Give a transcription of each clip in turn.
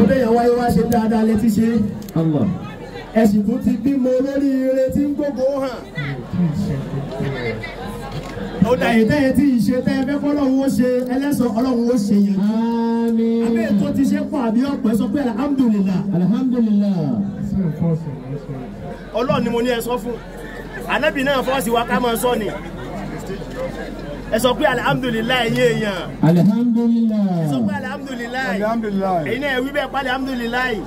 ọdẹ yẹn wáyé wá ṣe dáadáa létí ṣe ẹsìn tún ti bímọ lórí ire tí ń gbogbo hàn ọ̀dà ìtẹ́ yẹn tí ìṣe tẹ́ ẹgbẹ́ fọlọ́run ó ṣe ẹlẹ́sọ̀ ọlọ́run ó ṣe yẹn. àmín. abẹ́ ètò ti ṣe pọ̀ àbí ọ̀pẹ sọ pé alhamdulillah. alhamdulillah. ọlọ́run ni mo ní ẹ sọ fún anábì náà fọ́ọ̀sì wa ká máa sọ ni ẹ sọ pé alihamudulilayi yé èèyàn. alihamudulilayi. ẹ sọ pé alihamudulilayi. alihamudulilayi. èyí náà ẹ wí bẹ́ẹ̀ pa alihamudulilayi.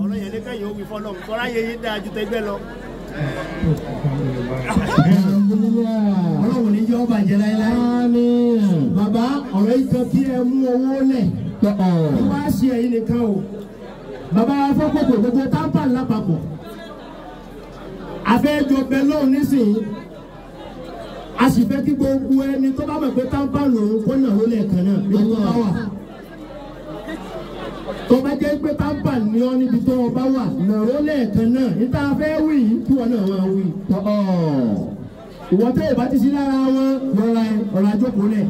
ọ̀rọ̀ yẹn ní kẹ́yìn ó wí fọlọ́ kọ́ra yẹn yé dáa ju tẹgbẹ́ lọ. ọlọ́run ní jọ́ bàjẹ́ láéláé. bàbá ọ̀rọ̀ yìí kan kí ẹ mú owó lẹ̀. wá sí ẹ̀yin nìkan o. bàbá fọ́pọ̀ gbogbo táǹpà lápapọ̀. àfẹ́jọ bẹ́ẹ̀ lóhùn nísìnyí a sì fẹ́ kí gbogbo ẹni tó bá mọ̀ pé táǹpàlù òun kó nà ó lẹ́ẹ̀kan náà níbi tó bá wà tó bá jẹ́ pé táǹpàlù ni ọ́ níbi tó bá wà nà ó lẹ́ẹ̀kan náà níta fẹ́ wì í kí wọn náà máa wì í tọ́ ọ́ ìwọ́n tẹ́ ti sí lára wọn lọ́ra ẹ ọ̀rọ̀ àjọkùn lẹ̀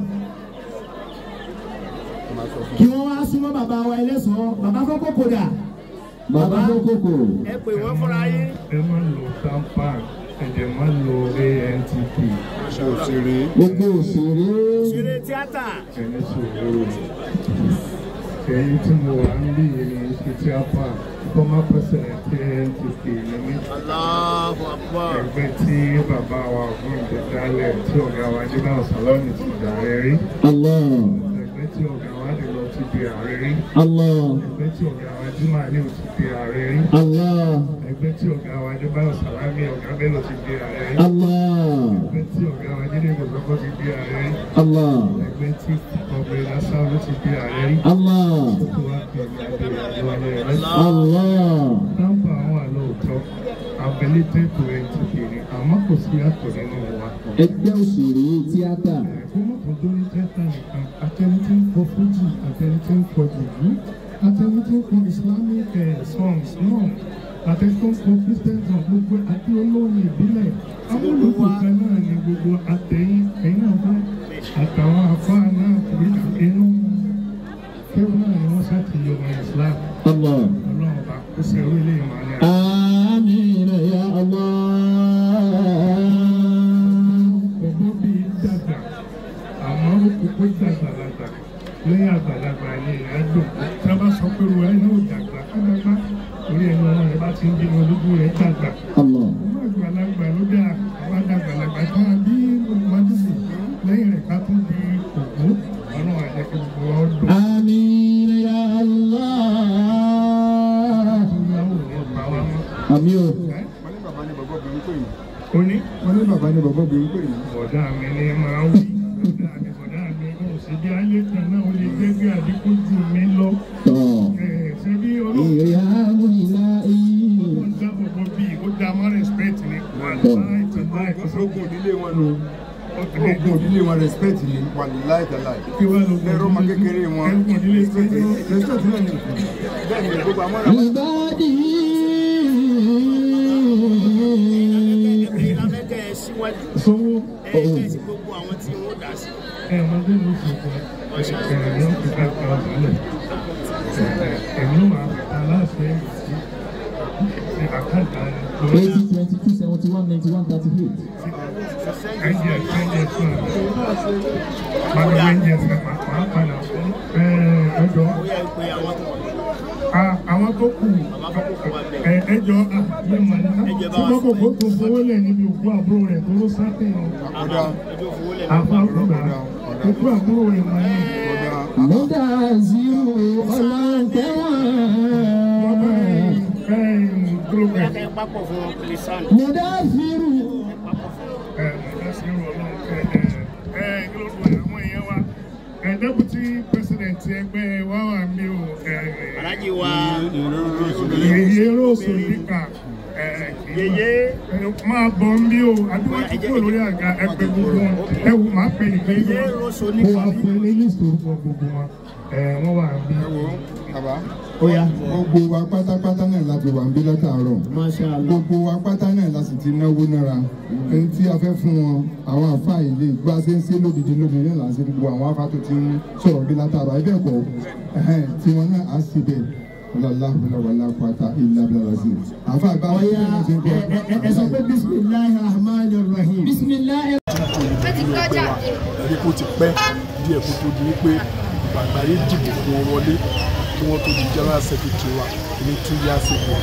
kí wọ́n wá súnmọ́ bàbá wa ẹlẹ́sàn-án bàbá kọ́kọ́ kódà bàbá kọ́kọ́ kò. ẹ pè wọ́n fúnra yín. ẹ má lò táǹpàlù ẹ̀dẹ̀ máa lo ANTP. òṣèré. gbogbo òṣèré. òṣèré tíátà. ẹni sòwòrò ẹyin tí mo wà ń bí yìí ní títí apá former president ANTP ni mí. ẹgbẹ́ tí bàbá wa ọ̀gbọ́n ti dálẹ̀ tí ọ̀gá wa nígbà ọ̀sán lọ́nà ti dàrẹ rí. ẹgbẹ́ tí ọ̀gá wa lè lọ síbi ààrẹ rí. ẹgbẹ́ tí ọ̀gá Juma ni o ti di ààrẹ rí. ẹgbẹ́ tí ọ̀gá wa Adébáyọ̀ Sàlámì ọ̀gá Bello ti di ààrẹ rí. ẹgbẹ́ tí ọ̀gá wa Jídé Kòsókó ti di ààrẹ rí. ẹgbẹ́ tí ọ̀gbẹ́ Lásánú ti di ààrẹ rí. tó wá pè ní adéyàwó alẹ́ àwọn àlọ́ òótọ́ abẹ́lẹ́tẹ̀ tó ẹ̀ ti kiri àmọ́ kò sí àtọ̀ nínú wa. ẹgbẹ́ òṣèré tíátà. ẹ̀kọ́ mọ̀tò àtẹnudọ́ fún islamic songs náà àtẹnudọ́ fún christian gbogbo àti olórin ìbílẹ̀ amúlùkù kan náà ni gbogbo àtẹ̀yìn ẹ̀yìn náà àtàwọn àfáà náà kùrí inú kéwù náà ni wọ́n ṣàtìyọ̀ ọmọ islam ọlọ́run ọba kó ṣe orílẹ̀ ìmọ̀ ní àná. àmín ya Allah. ọgbọ́n bíi dàgbà àmọ́ ó kókó dàgbà lẹ́yìn àgbàlagbà ni ìyá dùn kó. mi ni màá wí bọ̀dá mi ó sì bí ayé kan náà ó lè jẹ́ bí àdínkù jù mí lọ. ṣé bí ọlọ́run ọlọ́run dá gbogbo bíi ó dá mọ́ respect ni wàláì ẹgbẹ́ eighty twenty two seventy one ninety one thirty eight. ẹ̀jẹ̀ ẹ̀jẹ̀ tó kù ẹjọ́ tìmọ́kòkò tó fowó lẹ̀ níbi òkú àbúrò rẹ̀ tó ló sáté o àfa ọ̀gá òkú àbúrò rẹ̀ mọ̀ ní. lọ́dà zero ọ̀la tẹ́wọ̀n. lọ́dà zero. lọ́dà zero ọ̀la tẹ́wọ̀n. ẹ ẹ kí ló ń wọ àwọn èèyàn wa ẹ dẹ́kun tí pẹ̀sẹ̀ president ẹgbẹ́ wa wà mí o. alájí wa yèyé rògbò nípa yèyé máa bọ̀ ń o àdúgbò tí kò lórí àga ẹgbẹ́ gbogbo ẹ wò pè é yèyé rògbò nípa. ó wà fún ilé yìí gbogbo wọn wọ́n wà bí. ẹ wo bàbá. ó yá. gbogbo wa pátápátá náà la fi wà ń bí gbogbo wa pátá náà la sì ti náwó nára. ẹni tí a fẹ́ fún wọn àwọn àfáà ilé gbá ṣe ń ṣe lódìdí lódìdí náà láti gbogbo àwọn àfáà tó ti ń sọ̀rọ̀ bí látàárọ̀ ẹgbẹ́ ẹ̀kọ́ tiwọn náà á sì bẹ̀ lọ́láhùnláwàlá pátá ìlàbílàlásì. àfa àgbáwá yẹn ní ti bọ̀. ẹ sọ pé bisimilahi rahman rahim. bisimilahi. ẹ ti ti pẹ́ díẹ̀ kó tó di wípé ìjọba àgbáyé dìbò fún wọlé kí wọ́n tó di general secretary wa ní two years ago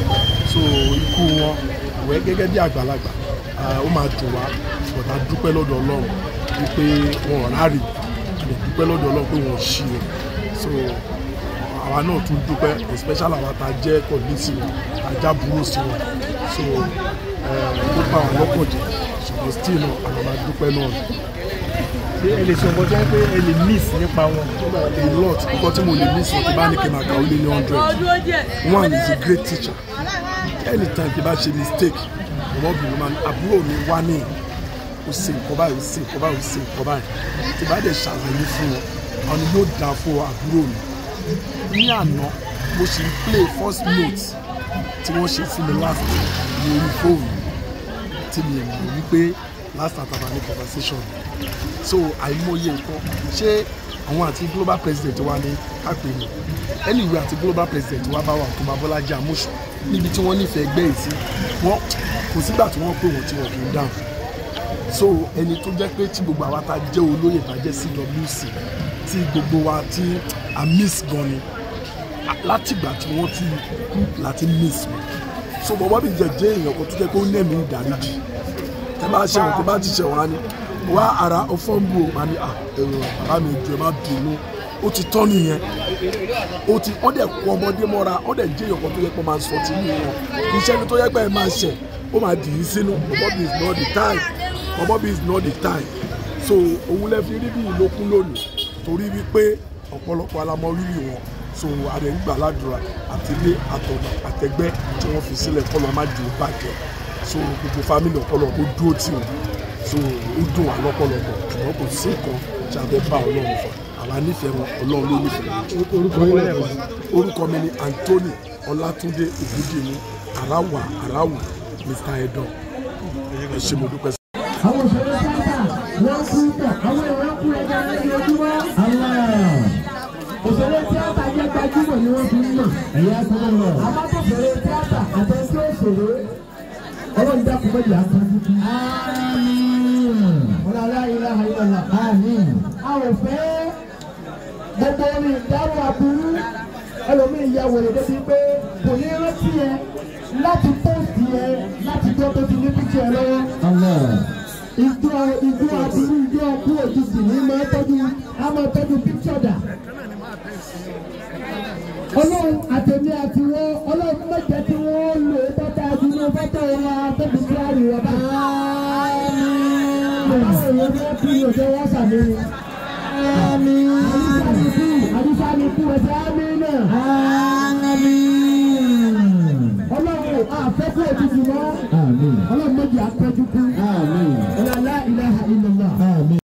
so ikú wọn ìwẹ́ gẹ́gẹ́ bí àgbàlagbà ó máa dùn wá bọ̀dá dúpẹ́ lọ́dọ̀ ọlọ́run wípé wọn ò ráre àdè dúpẹ́ lọ́dọ̀ ọlọ́run pé wọn ò ṣí o so àwa náà tún dúpẹ́ especially àwa tá a jẹ́ kọ̀ọ̀lẹ́sì wọn ajá burú sí wọn so ó bá wọn lọ́kàn jẹ́ ṣùgbọ́n still náà àwọn máa dúpẹ́ náà ṣé ẹ lè sọ nǹkan tó yẹ pé ẹ miss nípa wọn. a lot nǹkan tí mo lè miss ní bá ní kí n máa kà ó lé ní hundred one is a great teacher anytime tí bá ṣe mistake ọmọbìnrin máa àbúrò mi wá ní o ṣe nǹkan báyìí o ṣe nǹkan báyìí o ṣe nǹkan báyìí tí bá dẹ̀ ṣàlàyé fún wọn àwọn yóò dà fún àbúrò mi ní àná mo sì ń play first note tí wọ́n ṣe fún mi last year fóònù tí mi ò mọ̀ wípé last time tàbá ní conversation so àìmọye nǹkan ṣé àwọn àti global president wa ni kápẹ́ ni anyway àti global president wa bá wà tó bá Bọ́lájí Àmóṣù níbi tí wọ́n nífẹ̀ẹ́ ẹgbẹ́ yìí sí wọ́n kò sígbà tí wọ́n pè wọ́n tí wọ́n kì í dáhùn so ẹni tó jẹ́ pé tí gbogbo àwa ta jẹ́ olóyè ta jẹ́ CWC tí gbogbo wa tí a miss gan ni látìgbà tí wọ́n ti kú láti miss so bọ́bọ́ mi jẹ́ jẹ́ èèyàn kan tó jẹ́ pé ó nẹ̀mí ìdáríjì ẹ ṣe wọn tó ti ṣe wọn ni wá ara ọfọ o máa ní à ẹrù bàbá mi ju ẹ má bínú ó ti tọ́ nìyẹn ó ti wọ́n dẹ̀ kó ọmọdé mọ́ra wọ́n dẹ̀ jẹ́ ìyọ̀kọ́ tó yẹ pé máa sọ tí mi wọn kì í tó yẹ pé ẹ máa ṣẹ̀ ó máa dì í sínú ọmọbí is not the time ọmọbí is not the time so òun lẹ fi rí bí ìlókun lónìí torí wípé ọ̀pọ̀lọpọ̀ alamọ rírì wọn so àrẹ̀ ń gbà ládùúrà àtìlé àtọ̀nà àtẹ̀gbẹ́ tí wọ́n fi sílẹ̀ kọ́ lọ́ọ́ má ju bàjẹ́ so gbogbo family ọ̀pọ̀lọpọ̀ dúró tì wọ́n so ó dùn wá lọ́pọ̀lọpọ̀ ṣùgbọ́n kò sí nǹkan tí a fẹ́ bá ọlọ́run fà àwa nífẹ̀ẹ́ wọn ọlọ́run ló nífẹ̀ẹ́ wọn. orúkọ mi ni Anthony Ọlátúndé Ògúdìní aráwà aráwù Mr. Edo ẹ ṣé mo dúpẹ́ sí. àwọn òṣèré sáńtà wọn kú bọ̀ àwọn èèyàn kú ẹja lójoojúmọ́ òṣèré tíátà jẹ́ gbajúmọ̀ ni wọ́n fi ń mọ̀ ẹ̀yà tó ń lọ. àbátòfèrè tíátà àtẹ̀sí òṣèré ọlọ́run dàkú méjì á tán. ọlọ́run aláìyí láhàá yìí lọ́la. a ò fẹ́ gbogbo orin ìdárò aburú ẹlòmíì ya wèrè débi pé kò ní rántí yẹn láti pọ́ọ̀sì yẹn láti jọ́ tó ti ní píkì ẹ lọ́wọ́. ìjọ ìjọ aburú ìjọ ọkú òjijì ní máa tọ́jú á máa tọ́jú píkì ọ̀dà. ọlọ́run. jẹ́ wọ́n sàmì ni. àmì àdìsá ni kú ẹsẹ̀ àmì náà. àmì ọlọ́run àfẹ́kù òtútù mọ́ ọlọ́run méjì àpẹ́jú kú ọlọ́run la ilaha illallah.